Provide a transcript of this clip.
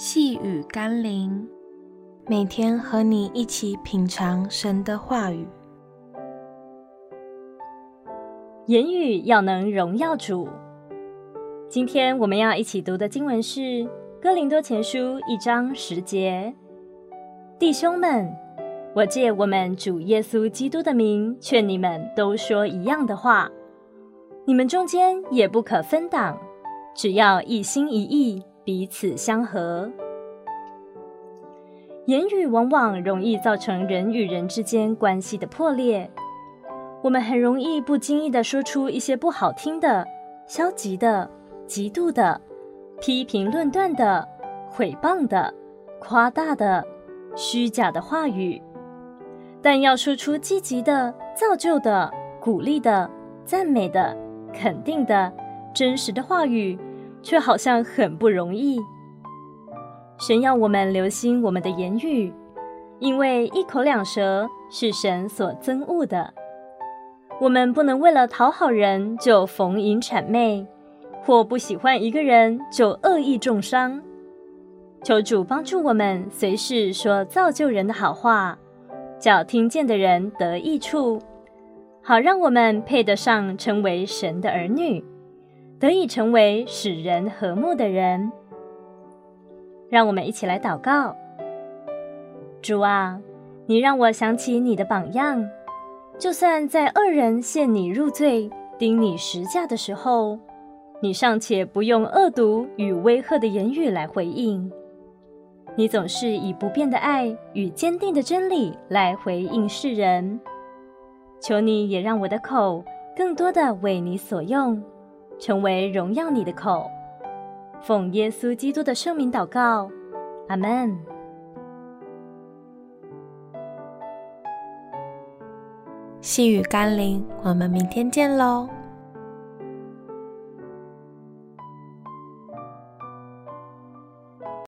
細語甘霖，每天和你一起品嘗神的話語。言語要能榮耀主。今天我們要一起讀的經文是《哥林多前書》一章十節。弟兄們，我借我們主耶穌基督的名勸你們，都說一樣的話，你們中間也不可分黨，只要一心一意。彼此相合，言語往往容易造成人與人之間關係的破裂。我們很容易不經意地說出一些不好聽的、消極的、嫉妒的、批評論斷的、毀謗的、誇大的、虛假的話語。但要說出積極的、造就的、鼓勵的、讚美的、肯定的、真實的話語。卻好像很不容易。神要我們留心我們的言語，因為一口兩舌是神所憎惡的。我們不能為了討好人就逢迎諂媚，或不喜歡一個人就惡意中傷。求主幫助我們，隨時說造就人的好話，叫聽見的人得益處，好讓我們配得上成為神的兒女。得以成為使人和睦的人，讓我們一起來禱告。主啊，你讓我想起你的榜樣，就算在惡人陷你入罪、釘你十架的時候，你尚且不用惡毒與威嚇的言語來回應，你總是以不變的愛與堅定的真理來回應世人。求你也讓我的口更多的為你所用。成為榮耀你的口，奉耶穌基督的聖名禱告，阿門。細語甘霖，我們明天見嘍。